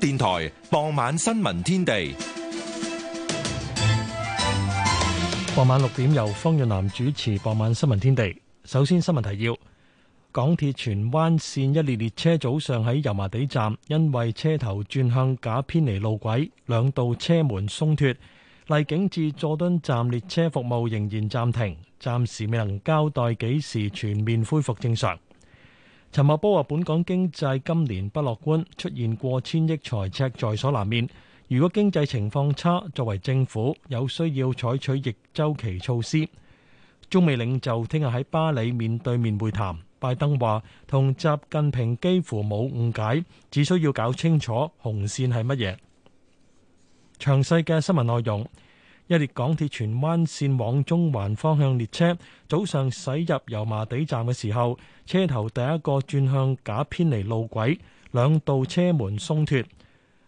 電台傍晚新聞天地，傍晚六點由方潤南主持。傍晚新聞天地，首先新聞提要：港鐵荃灣線一列列車早上喺油麻地站，因為車頭轉向架偏離路軌，兩道車門鬆脫，荔景至佐敦站列車服務仍然暫停，暫時未能交代幾時全面恢復正常。陳茂波話，本港經濟今年不樂觀，出現過千億財赤在所難免。如果經濟情況差，作為政府有需要採取逆周期措施。中美領袖聽日喺巴黎面對面會談，拜登話同習近平幾乎冇誤解，只需要搞清楚紅線係乜嘢。詳細嘅新聞內容。一列港鐵荃灣線往中環方向列車早上駛入油麻地站嘅時候，車頭第一個轉向架偏離路軌，兩道車門鬆脱。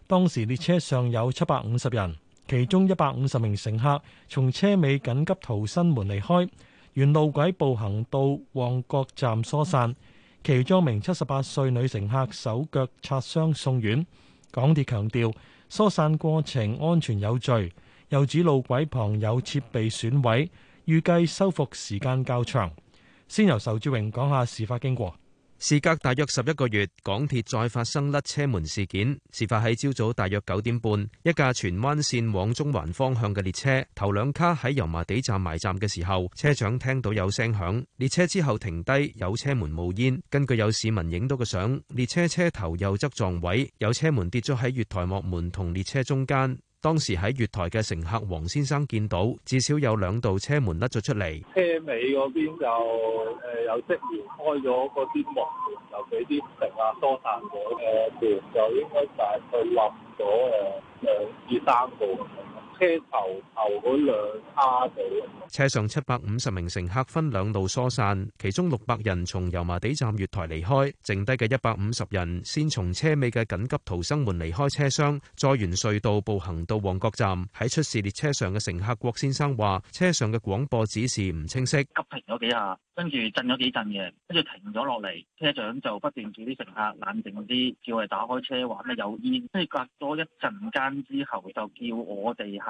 當時列車上有七百五十人，其中一百五十名乘客從車尾緊急逃生門離開，沿路軌步行到旺角站疏散。其中一名七十八歲女乘客手腳擦傷送院。港鐵強調，疏散過程安全有序。又指路軌旁有設備損毀，預計修復時間較長。先由仇志榮講下事發經過。事隔大約十一個月，港鐵再發生甩車門事件。事發喺朝早大約九點半，一架荃灣線往中環方向嘅列車頭兩卡喺油麻地站埋站嘅時候，車長聽到有聲響，列車之後停低，有車門冒煙。根據有市民影到嘅相，列車車頭右側撞位，有車門跌咗喺月台幕門同列車中間。當時喺月台嘅乘客黃先生見到至少有兩道車門甩咗出嚟，車尾嗰邊就誒有職員開咗嗰啲幕門，就俾啲乘客疏散咗。誒，就應該大概冧咗誒兩至三個。車頭頭嗰兩叉度，車上七百五十名乘客分兩路疏散，其中六百人從油麻地站月台離開，剩低嘅一百五十人先從車尾嘅緊急逃生門離開車廂，再沿隧道步行到旺角站。喺出事列車上嘅乘客郭先生話：車上嘅廣播指示唔清晰，急停咗幾下，跟住震咗幾陣嘅，跟住停咗落嚟。車長就不斷叫啲乘客冷靜啲，叫佢打開車玩，咩有煙，跟住隔咗一陣間之後就叫我哋。喺車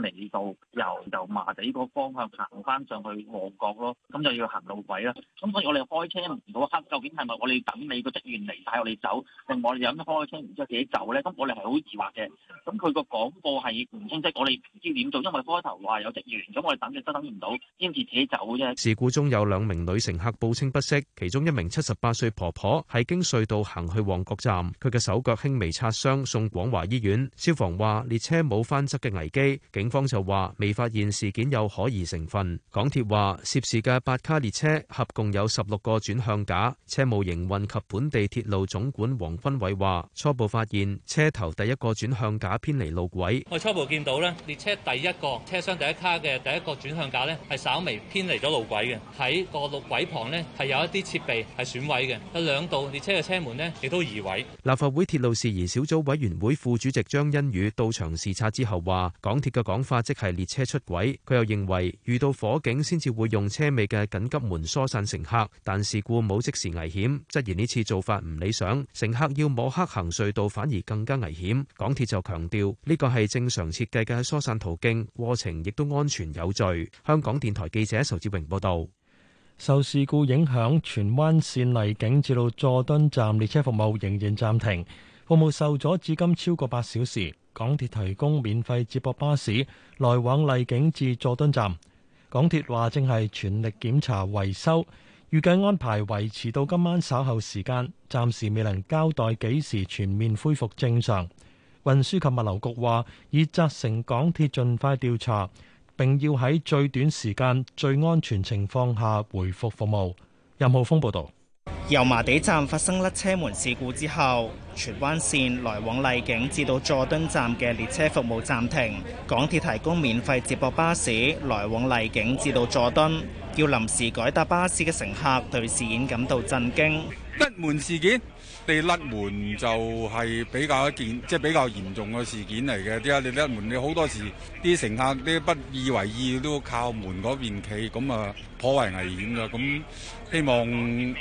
尾度，由油麻地嗰方向行翻上去旺角咯，咁就要行路軌啦。咁所以我哋開車唔到黑，究竟係咪我哋等你個職員嚟帶我哋走，定我哋有咩開車然之後自己走咧？咁我哋係好疑惑嘅。咁佢個廣播係唔清晰，我哋唔知點做，因為開頭話有職員，咁我哋等亦都等唔到，先至自己走啫。事故中有兩名女乘客報稱不適，其中一名七十八歲婆婆喺經隧道行去旺角站，佢嘅手腳輕微擦傷，送廣華醫院。消防話列車冇翻側嘅危。警方就話未發現事件有可疑成分。港鐵話涉事嘅八卡列車合共有十六個轉向架。車務營運及本地鐵路總管黃君偉話：初步發現車頭第一個轉向架偏離路軌。我初步見到咧，列車第一個車廂第一卡嘅第一個轉向架咧，係稍微偏離咗路軌嘅。喺個路軌旁咧，係有一啲設備係損毀嘅。有兩道列車嘅車門咧，亦都移位。立法會鐵路事宜小組委員會副主席張欣宇到場視察之後話。港鐵嘅講法即係列車出軌，佢又認為遇到火警先至會用車尾嘅緊急門疏散乘客，但事故冇即時危險，質疑呢次做法唔理想，乘客要摸黑行隧道反而更加危險。港鐵就強調呢個係正常設計嘅疏散途徑，過程亦都安全有序。香港電台記者仇志榮報道。受事故影響，荃灣綫荔景至到佐敦站列車服務仍然暫停，服務受阻至今超過八小時。港鐵提供免費接駁巴士來往麗景至佐敦站。港鐵話正係全力檢查維修，預計安排維持到今晚稍後時間，暫時未能交代幾時全面恢復正常。運輸及物流局話已責成港鐵盡快調查，並要喺最短時間、最安全情況下回復服務。任浩峰報導。油麻地站發生甩車門事故之後，荃灣線來往荔景至到佐敦站嘅列車服務暫停，港鐵提供免費接駁巴士來往荔景至到佐敦。要臨時改搭巴士嘅乘客對事件感到震驚。甩門事件，你甩門就係比較一件，即係比較嚴重嘅事件嚟嘅。點解你甩門？你好多時啲乘客啲不以為意都靠門嗰邊企，咁啊，頗為危險㗎。咁希望。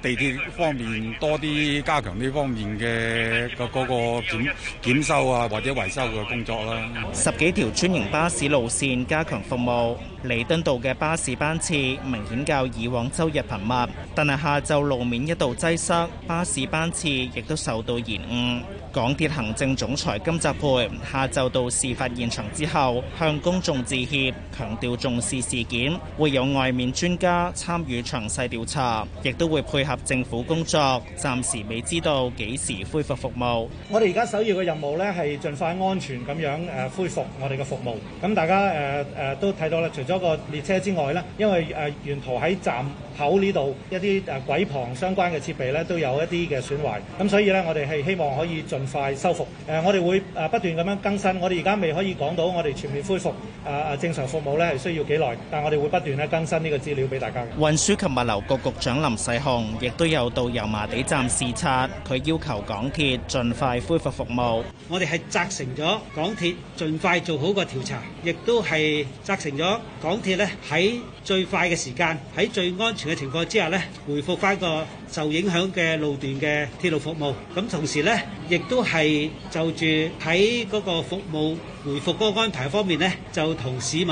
地鐵方面多啲加強呢方面嘅個嗰檢檢修啊，或者維修嘅工作啦。十幾條專營巴士路線加強服務。彌敦道嘅巴士班次明顯較以往周日頻密，但係下晝路面一度擠塞，巴士班次亦都受到延誤。港鐵行政總裁金澤培下晝到事發現場之後，向公眾致歉，強調重視事件，會有外面專家參與詳細調查，亦都會配合政府工作。暫時未知道幾時恢復服務，我哋而家首要嘅任務咧，係盡快安全咁樣誒恢復我哋嘅服務，咁大家誒誒都睇到啦，咗個列車之外咧，因為誒沿途喺站。口呢度一啲誒軌旁相關嘅設備咧，都有一啲嘅損壞，咁所以咧，我哋係希望可以盡快修復，誒我哋會誒不斷咁樣更新。我哋而家未可以講到我哋全面恢復誒誒正常服務咧，係需要幾耐，但我哋會不斷咧更新呢個資料俾大家。運輸及物流局局長林世雄亦都有到油麻地站視察，佢要求港鐵盡快恢復服務，我哋係責成咗港鐵盡快做好個調查，亦都係責成咗港鐵咧喺最快嘅時間，喺最安全。嘅情況之下咧，回復返個受影響嘅路段嘅鐵路服務。咁同時咧，亦都係就住喺嗰個服務回復嗰個安排方面咧，就同市民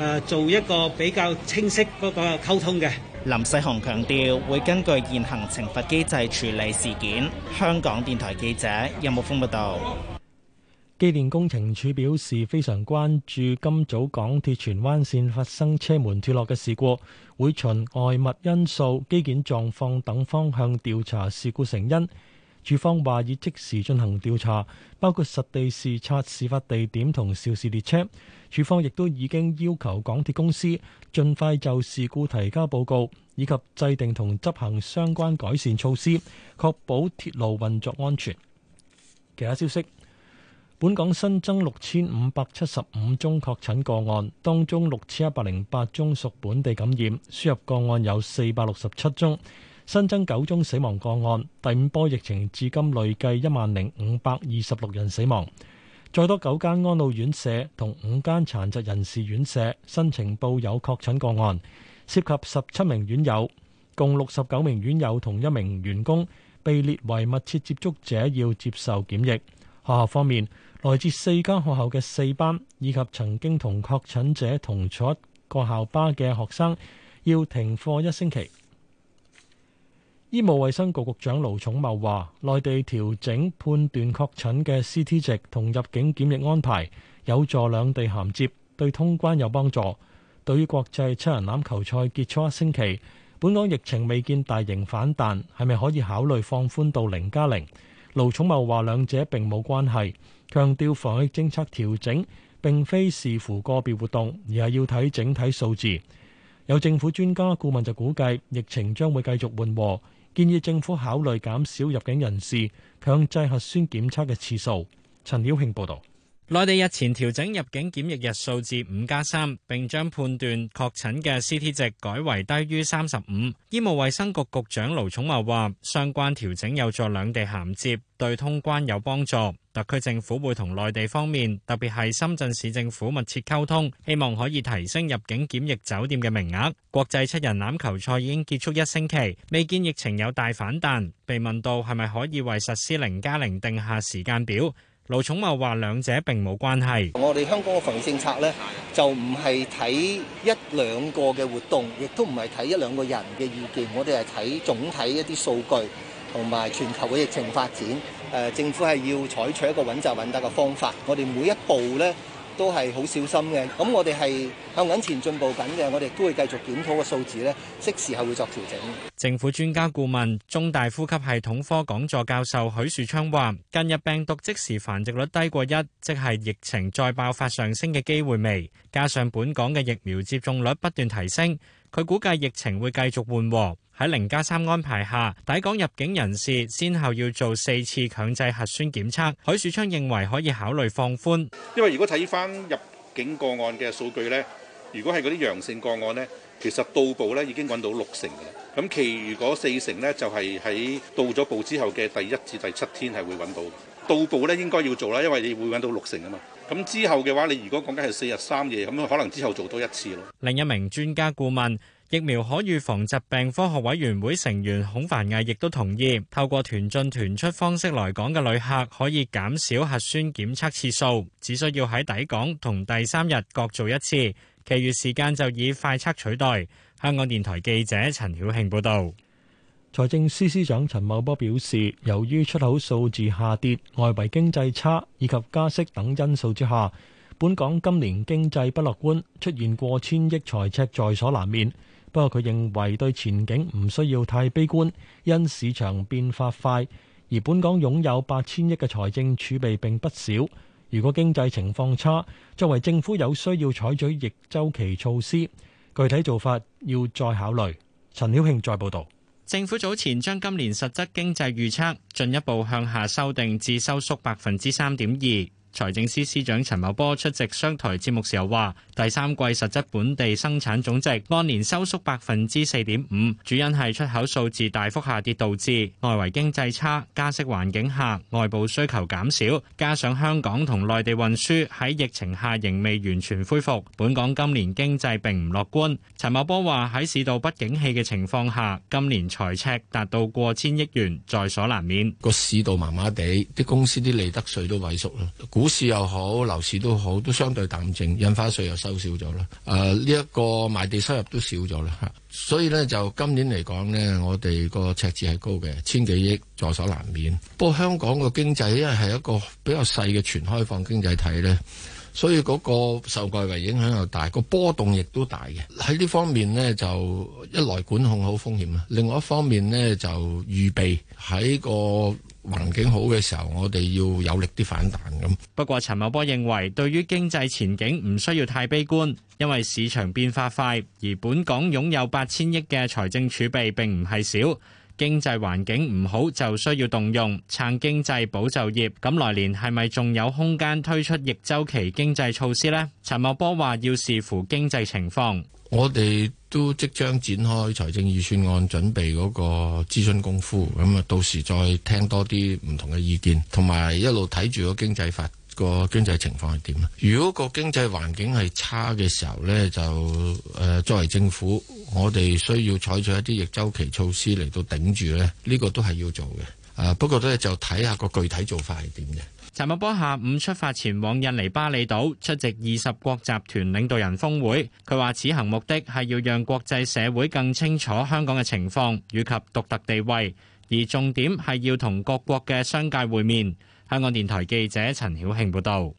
誒做一個比較清晰嗰個溝通嘅。林世雄強調，會根據現行懲罰機制處理事件。香港電台記者任木風報道。機電工程署表示非常關注今早港鐵荃灣綫發生車門脫落嘅事故，會循外物因素、機件狀況等方向調查事故成因。署方話已即時進行調查，包括實地視察事發地點同肇事列車。署方亦都已經要求港鐵公司盡快就事故提交報告，以及制定同執行相關改善措施，確保鐵路運作安全。其他消息。本港新增六千五百七十五宗確診個案，當中六千一百零八宗屬本地感染，輸入個案有四百六十七宗，新增九宗死亡個案。第五波疫情至今累計一萬零五百二十六人死亡。再多九間安老院舍同五間殘疾人士院舍申請報有確診個案，涉及十七名院友，共六十九名院友同一名員工被列為密切接觸者，要接受檢疫。學校方面。來自四間學校嘅四班，以及曾經同確診者同坐個校巴嘅學生，要停課一星期。醫務衛生局局長盧寵茂話：內地調整判斷確診嘅 CT 值同入境檢疫安排，有助兩地銜接，對通關有幫助。對於國際七人欖球賽結束一星期，本港疫情未見大型反彈，係咪可以考慮放寬到零加零？0？盧寵茂話：兩者並冇關係。強調防疫政策調整並非視乎個別活動，而係要睇整體數字。有政府專家顧問就估計疫情將會繼續緩和，建議政府考慮減少入境人士強制核酸檢測嘅次數。陳曉慶報道。內地日前調整入境檢疫日數至五加三，3，並將判斷確診嘅 CT 值改為低於三十五。醫務衛生局局長盧寵茂話：相關調整有助兩地銜接，對通關有幫助。特區政府會同內地方面，特別係深圳市政府密切溝通，希望可以提升入境檢疫酒店嘅名額。國際七人欖球賽已經結束一星期，未見疫情有大反彈。被問到係咪可以為實施零加零定下時間表？盧寵茂話兩者並冇關係。我哋香港嘅防疫政策咧，就唔係睇一兩個嘅活動，亦都唔係睇一兩個人嘅意見。我哋係睇總體一啲數據，同埋全球嘅疫情發展。誒、呃，政府係要採取一個穩紮穩打嘅方法。我哋每一步咧。都係好小心嘅，咁我哋係向緊前進步緊嘅，我哋都會繼續檢討個數字咧，適時係會作調整。政府專家顧問、中大呼吸系統科講座教授許樹昌話，近日病毒即時繁殖率低過一，即係疫情再爆發上升嘅機會微，加上本港嘅疫苗接種率不斷提升。佢估計疫情會繼續緩和，喺零加三安排下，抵港入境人士先後要做四次強制核酸檢測。許樹昌認為可以考慮放寬，因為如果睇翻入境個案嘅數據呢，如果係嗰啲陽性個案呢，其實到步呢已經揾到六成㗎喇，咁其餘嗰四成呢，就係喺到咗步之後嘅第一至第七天係會揾到。到步咧應該要做啦，因為你會揾到六成啊嘛。咁之後嘅話，你如果講緊係四日三夜，咁可能之後做多一次咯。另一名專家顧問、疫苗可預防疾病科學委員會成員孔凡毅亦都同意，透過團進團出方式來港嘅旅客可以減少核酸檢測次數，只需要喺抵港同第三日各做一次，其餘時間就以快測取代。香港電台記者陳曉慶報道。財政司司長陳茂波表示，由於出口數字下跌，外圍經濟差以及加息等因素之下，本港今年經濟不樂觀，出現過千億財赤在所難免。不過，佢認為對前景唔需要太悲觀，因市場變化快，而本港擁有八千億嘅財政儲備並不少。如果經濟情況差，作為政府有需要採取逆周期措施，具體做法要再考慮。陳曉慶再報道。政府早前將今年實質經濟預測進一步向下修訂至收縮百分之三點二。財政司司長陳茂波出席商台節目時又話，第三季實質本地生產總值按年收縮百分之四點五，主因係出口數字大幅下跌導致，外圍經濟差、加息環境下，外部需求減少，加上香港同內地運輸喺疫情下仍未完全恢復，本港今年經濟並唔樂觀。陳茂波話喺市道不景氣嘅情況下，今年財赤達到過千億元，在所難免。個市道麻麻地，啲公司啲利得稅都萎縮股市又好、樓市都好，都相對淡靜，印花稅又收少咗啦。誒、呃，呢、這、一個賣地收入都少咗啦。吓，所以咧，就今年嚟講咧，我哋個赤字係高嘅，千幾億在所難免。不過香港個經濟因為係一個比較細嘅全開放經濟體咧，所以嗰個受外圍影響又大，個波動亦都大嘅。喺呢方面咧，就一來管控好風險啊，另外一方面咧就預備喺個。環境好嘅時候，我哋要有力啲反彈咁。不過，陳茂波認為對於經濟前景唔需要太悲觀，因為市場變化快，而本港擁有八千億嘅財政儲備並唔係少。經濟環境唔好就需要動用，撐經濟保就業。咁來年係咪仲有空間推出逆週期經濟措施呢？陳茂波話要視乎經濟情況。我哋都即將展開財政預算案準備嗰個諮詢功夫，咁啊到時再聽多啲唔同嘅意見，同埋一路睇住個經濟法、個經濟情況係點。如果個經濟環境係差嘅時候呢，就誒、呃、作為政府，我哋需要採取一啲逆周期措施嚟到頂住呢呢、呢個都係要做嘅。啊，不過呢，就睇下個具體做法係點嘅。陳茂波下午出發前往印尼巴厘島出席二十國集團領導人峰會。佢話此行目的係要讓國際社會更清楚香港嘅情況以及獨特地位，而重點係要同各國嘅商界會面。香港電台記者陳曉慶報道。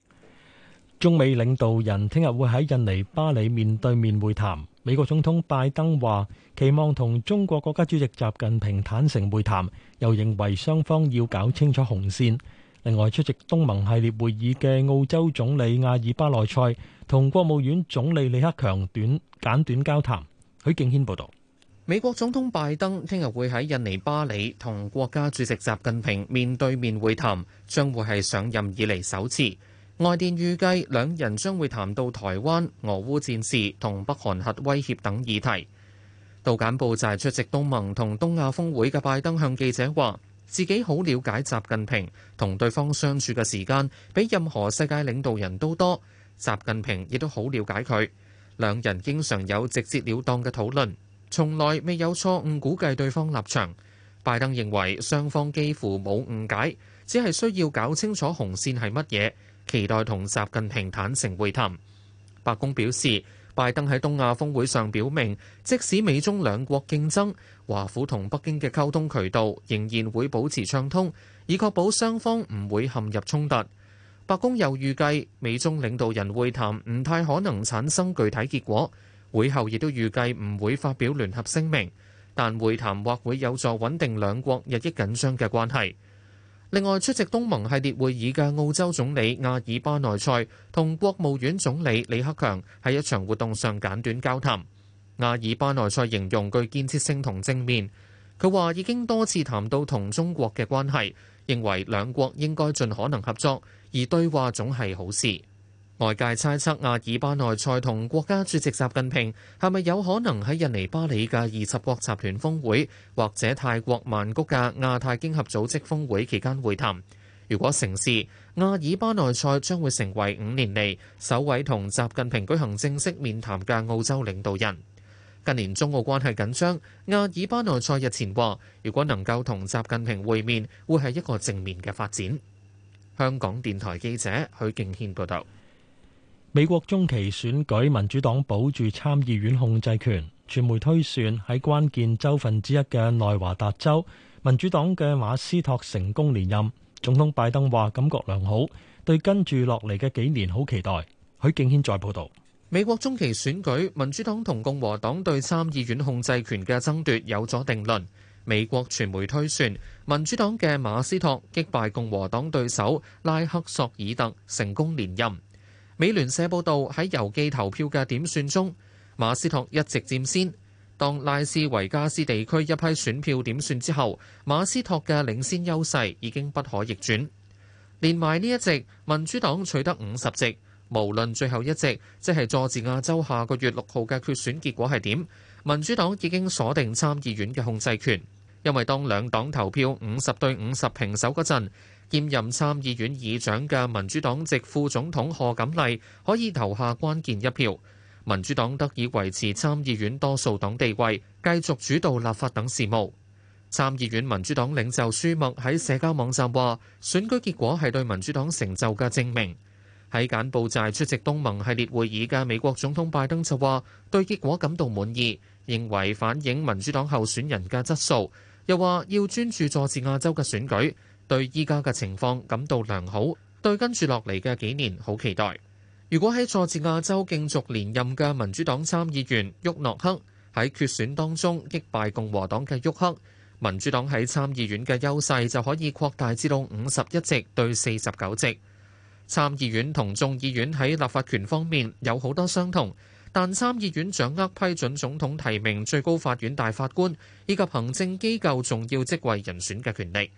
中美領導人聽日會喺印尼巴厘面對面會談。美國總統拜登話期望同中國國家主席習近平坦誠會談，又認為雙方要搞清楚紅線。另外出席東盟系列會議嘅澳洲總理阿爾巴內塞同國務院總理李克強短簡短，短交談。許敬軒報道。美國總統拜登聽日會喺印尼巴里同國家主席習近平面對面會談，將會係上任以嚟首次。外電預計兩人將會談到台灣、俄烏戰事同北韓核威脅等議題。到柬埔寨出席東盟同東亞峰會嘅拜登向記者話。自己好了解習近平，同對方相處嘅時間比任何世界領導人都多。習近平亦都好了解佢，兩人經常有直接了當嘅討論，從來未有錯誤估計對方立場。拜登認為雙方幾乎冇誤解，只係需要搞清楚紅線係乜嘢，期待同習近平坦誠會談。白宮表示。拜登喺東亞峰會上表明，即使美中兩國競爭，華府同北京嘅溝通渠道仍然會保持暢通，以確保雙方唔會陷入衝突。白宮又預計美中領導人會談唔太可能產生具體結果，會後亦都預計唔會發表聯合聲明，但會談或會有助穩定兩國日益緊張嘅關係。另外，出席東盟系列會議嘅澳洲總理阿爾巴內塞同國務院總理李克強喺一場活動上簡短交談，阿爾巴內塞形容具建設性同正面，佢話已經多次談到同中國嘅關係，認為兩國應該盡可能合作，而對話總係好事。外界猜測阿爾巴內塞同國家主席習近平係咪有可能喺印尼巴里嘅二十國集團峰會或者泰國曼谷嘅亞太經合組織峰會期間會談？如果成事，阿爾巴內塞將會成為五年嚟首位同習近平舉行正式面談嘅澳洲領導人。近年中澳關係緊張，阿爾巴內塞日前話，如果能夠同習近平會面，會係一個正面嘅發展。香港電台記者許敬軒報道。美國中期選舉，民主黨保住參議院控制權。傳媒推算喺關鍵州份之一嘅內華達州，民主黨嘅馬斯托成功連任。總統拜登話感覺良好，對跟住落嚟嘅幾年好期待。許敬軒再報道。美國中期選舉，民主黨同共和黨對參議院控制權嘅爭奪有咗定論。美國傳媒推算，民主黨嘅馬斯托擊敗共和黨對手拉克索爾特成功連任。美聯社報道，喺郵寄投票嘅點算中，馬斯托一直佔先。當拉斯維加斯地區一批選票點算之後，馬斯托嘅領先優勢已經不可逆轉。連埋呢一席，民主黨取得五十席。無論最後一席，即係佐治亞州下個月六號嘅決選結果係點，民主黨已經鎖定參議院嘅控制權。因為當兩黨投票五十對五十平手嗰陣，兼任參議院議長嘅民主黨籍副總統賀錦麗可以投下關鍵一票，民主黨得以維持參議院多數黨地位，繼續主導立法等事務。參議院民主黨領袖舒默喺社交網站話選舉結果係對民主黨成就嘅證明。喺柬埔寨出席東盟系列會議嘅美國總統拜登就話對結果感到滿意，認為反映民主黨候選人嘅質素，又話要專注佐治亞州嘅選舉。對依家嘅情況感到良好，對跟住落嚟嘅幾年好期待。如果喺佐治亞州競逐連任嘅民主黨參議員沃諾克喺決選當中擊敗共和黨嘅沃克，民主黨喺參議院嘅優勢就可以擴大至到五十一席對四十九席。參議院同眾議院喺立法權方面有好多相同，但參議院掌握批准總統提名最高法院大法官以及行政機構重要職位人選嘅權力。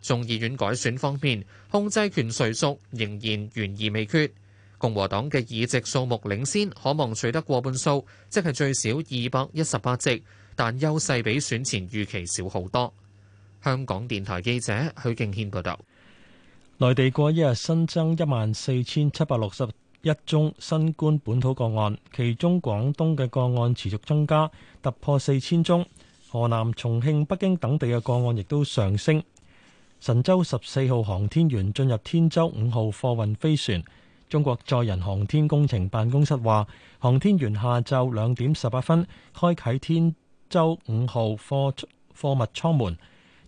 眾議院改選方面，控制權誰屬仍然懸而未決。共和黨嘅議席數目領先，可望取得過半數，即係最少二百一十八席，但優勢比選前預期少好多。香港電台記者許敬軒報導。內地過一日新增一萬四千七百六十一宗新冠本土個案，其中廣東嘅個案持續增加，突破四千宗；河南、重慶、北京等地嘅個案亦都上升。神舟十四號航天員進入天舟五號貨運飛船。中國載人航天工程辦公室話，航天員下晝兩點十八分開啓天舟五號貨物艙門，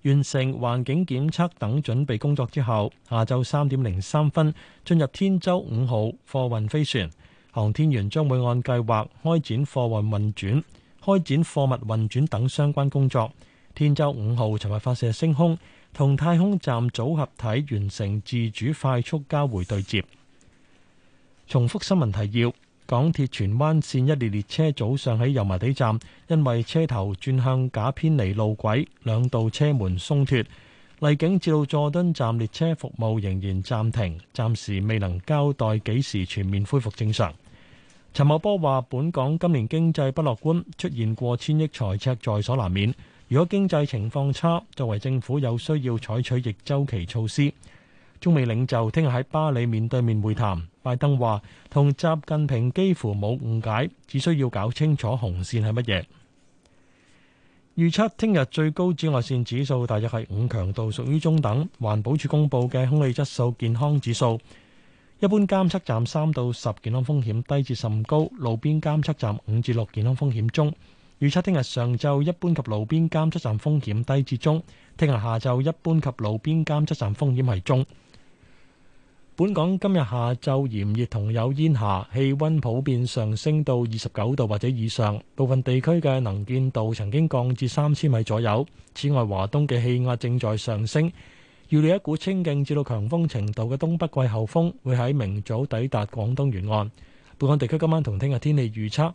完成環境檢測等準備工作之後，下晝三點零三分進入天舟五號貨運飛船。航天員將會按計劃開展貨運運轉、開展貨物運轉等相關工作。天舟五號尋日發射升空。同太空站組合體完成自主快速交會對接。重複新聞提要：港鐵荃灣線一列列車早上喺油麻地站，因為車頭轉向架偏離路軌，兩道車門鬆脱。荔景至到佐敦站列車服務仍然暫停，暫時未能交代幾時全面恢復正常。陳茂波話：本港今年經濟不樂觀，出現過千億財赤在所難免。如果經濟情況差，作為政府有需要採取逆週期措施。中美領袖聽日喺巴黎面對面會談，拜登話同習近平幾乎冇誤解，只需要搞清楚紅線係乜嘢。預測聽日最高紫外線指數大約係五強度，屬於中等。環保署公佈嘅空氣質素健康指數，一般監測站三到十健康風險低至甚高，路邊監測站五至六健康風險中。預測聽日上晝一般及路邊監測站風險低至中，聽日下晝一般及路邊監測站風險係中。本港今日下晝炎熱同有煙霞，氣温普遍上升到二十九度或者以上，部分地區嘅能見度曾經降至三千米左右。此外，華東嘅氣壓正在上升，預料一股清勁至到強風程度嘅東北季候風會喺明早抵達廣東沿岸。本港地區今晚同聽日天氣預測。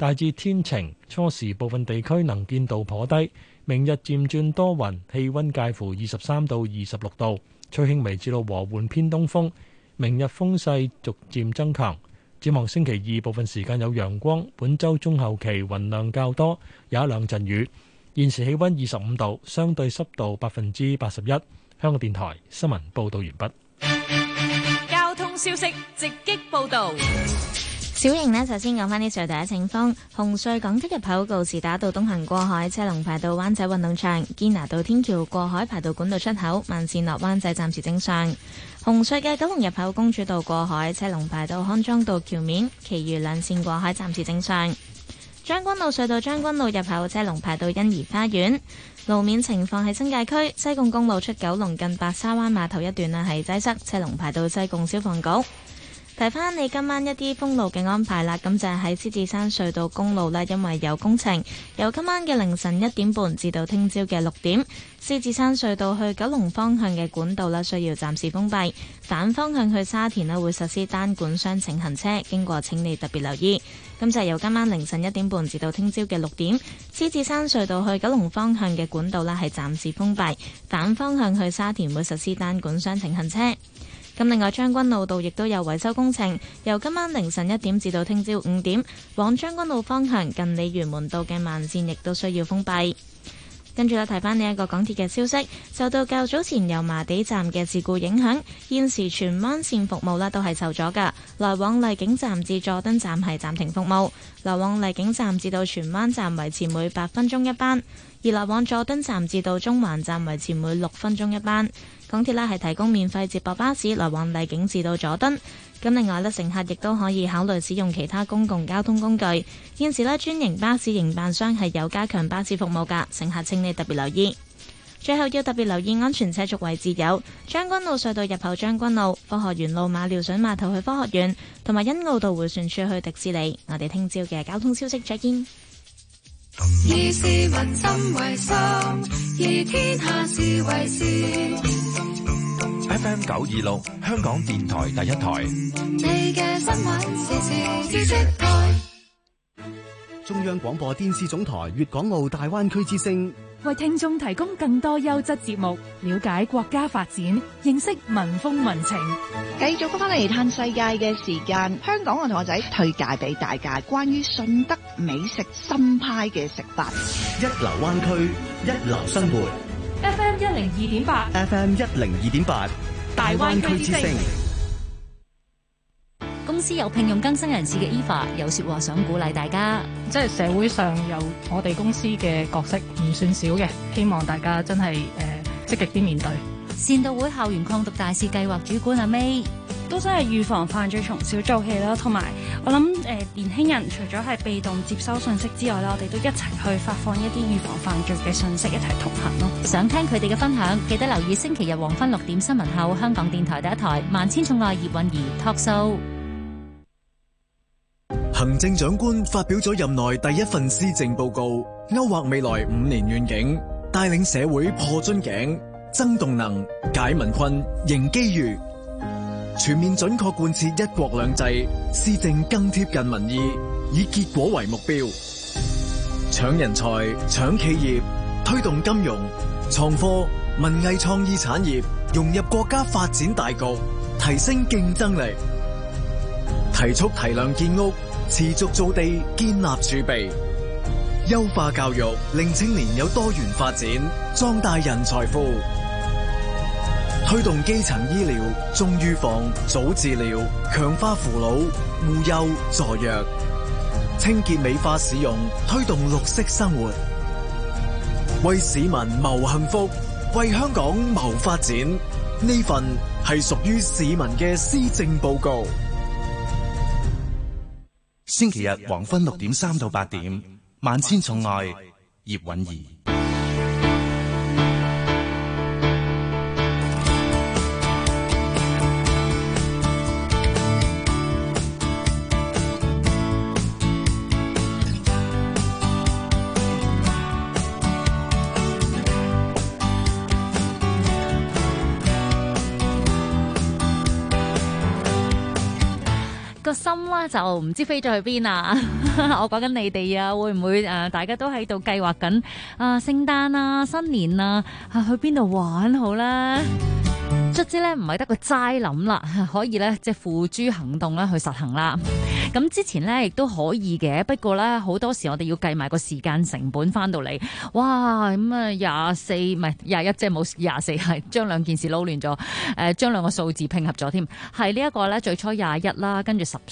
大致天晴，初時部分地區能見度頗低。明日漸轉多雲，氣溫介乎二十三到二十六度，吹輕微至到和緩偏東風，明日風勢逐漸增強，展望星期二部分時間有陽光，本周中後期雲量較多，有一兩陣雨。現時氣溫二十五度，相對濕度百分之八十一。香港電台新聞報道完畢，交通消息直擊報道。小瑩呢，首先講返啲隧道第一情況，紅隧港島入口告士打道東行過海，車龍排到灣仔運動場；堅拿道天橋過海排到管道出口，慢線落灣仔暫時正常。紅隧嘅九龍入口公主道過海，車龍排到康莊道橋面，其餘兩線過海暫時正常。將軍澳隧道將軍澳入口車龍排到欣怡花園，路面情況喺新界區西貢公路出九龍近白沙灣碼頭一段啦，係擠塞，車龍排到西貢消防局。提翻你今晚一啲封路嘅安排啦，咁就係喺獅子山隧道公路啦，因為有工程，由今晚嘅凌晨一點半至到聽朝嘅六點，獅子山隧道去九龍方向嘅管道啦需要暫時封閉，反方向去沙田咧會實施單管雙程行車，經過請你特別留意。咁就係由今晚凌晨一點半至到聽朝嘅六點，獅子山隧道去九龍方向嘅管道啦係暫時封閉，反方向去沙田會實施單管雙程行車。咁另外將軍澳道亦都有維修工程，由今晚凌晨一點至到聽朝五點往將軍澳方向近鯉魚門道嘅慢線亦都需要封閉。跟住咧睇翻呢一個港鐵嘅消息，受到較早前油麻地站嘅事故影響，現時荃灣綫服務呢都係受阻噶，來往荔景站至佐敦站係暫停服務，來往荔景站至到荃灣站維持每八分鐘一班。而來往佐敦站至到中環站維持每六分鐘一班，港鐵咧係提供免費接駁巴士來往荔景至到佐敦。咁另外咧，乘客亦都可以考慮使用其他公共交通工具。現時咧，專營巴士營辦商係有加強巴士服務噶，乘客請你特別留意。最後要特別留意安全車速位置有將軍澳隧道入口、將軍澳科學園路馬料水碼頭去科學園，同埋欣澳道迴旋處去迪士尼。我哋聽朝嘅交通消息，再見。以市民心為心，以天下事為事。FM 九二六，F F、26，香港電台第一台。你的中央廣播電視總台粵港澳大灣區之聲，為聽眾提供更多優質節目，了解國家發展，認識民風民情。繼續翻翻嚟嘆世界嘅時間，香港嘅同學仔推介俾大家關於順德美食新派嘅食法。一流灣區，一流生活。F M 一零二點八。F M 一零二點八。大灣區之聲。公司有聘用更新人士嘅 Eva，有說話想鼓勵大家，即係社會上有我哋公司嘅角色唔算少嘅。希望大家真係誒積極啲面對善導會校園抗毒大使計劃主管阿、啊、May，都真係預防犯罪從小做起咯。同埋，我諗誒、呃、年輕人除咗係被動接收信息之外啦，我哋都一齊去發放一啲預防犯罪嘅信息，一齊同行咯。想聽佢哋嘅分享，記得留意星期日黃昏六點新聞後，香港電台第一台萬千寵愛葉韻儀 talk show。行政長官發表咗任內第一份施政報告，勾畫未來五年願景，帶領社會破樽頸、增動能、解民困、迎機遇，全面準確貫徹一國兩制，施政更貼近民意，以結果為目標，搶人才、搶企業，推動金融、創科、文藝創意產業，融入國家發展大局，提升競爭力，提速提量建屋。持續造地，建立儲備；優化教育，令青年有多元發展，壯大人才庫；推動基層醫療，重預防、早治療，強化扶老、護幼、助弱；清潔美化市容，推動綠色生活，為市民謀幸福，為香港謀發展。呢份係屬於市民嘅施政報告。星期日黃昏六點三到八點，《萬千寵愛》葉韻儀。今啦、嗯、就唔知飛咗去邊啊！ 我講緊你哋啊，會唔會誒、呃、大家都喺度計劃緊啊聖誕啊新年啊、呃、去邊度玩好咧？卒 之咧唔係得個齋諗啦，可以咧即係付諸行動咧去實行啦。咁、嗯、之前咧亦都可以嘅，不過咧好多時我哋要計埋個時間成本翻到嚟。哇咁啊廿四唔係廿一，即係冇廿四係將兩件事撈亂咗，誒將兩個數字拼合咗添。係呢一個咧最初廿一啦，跟住十。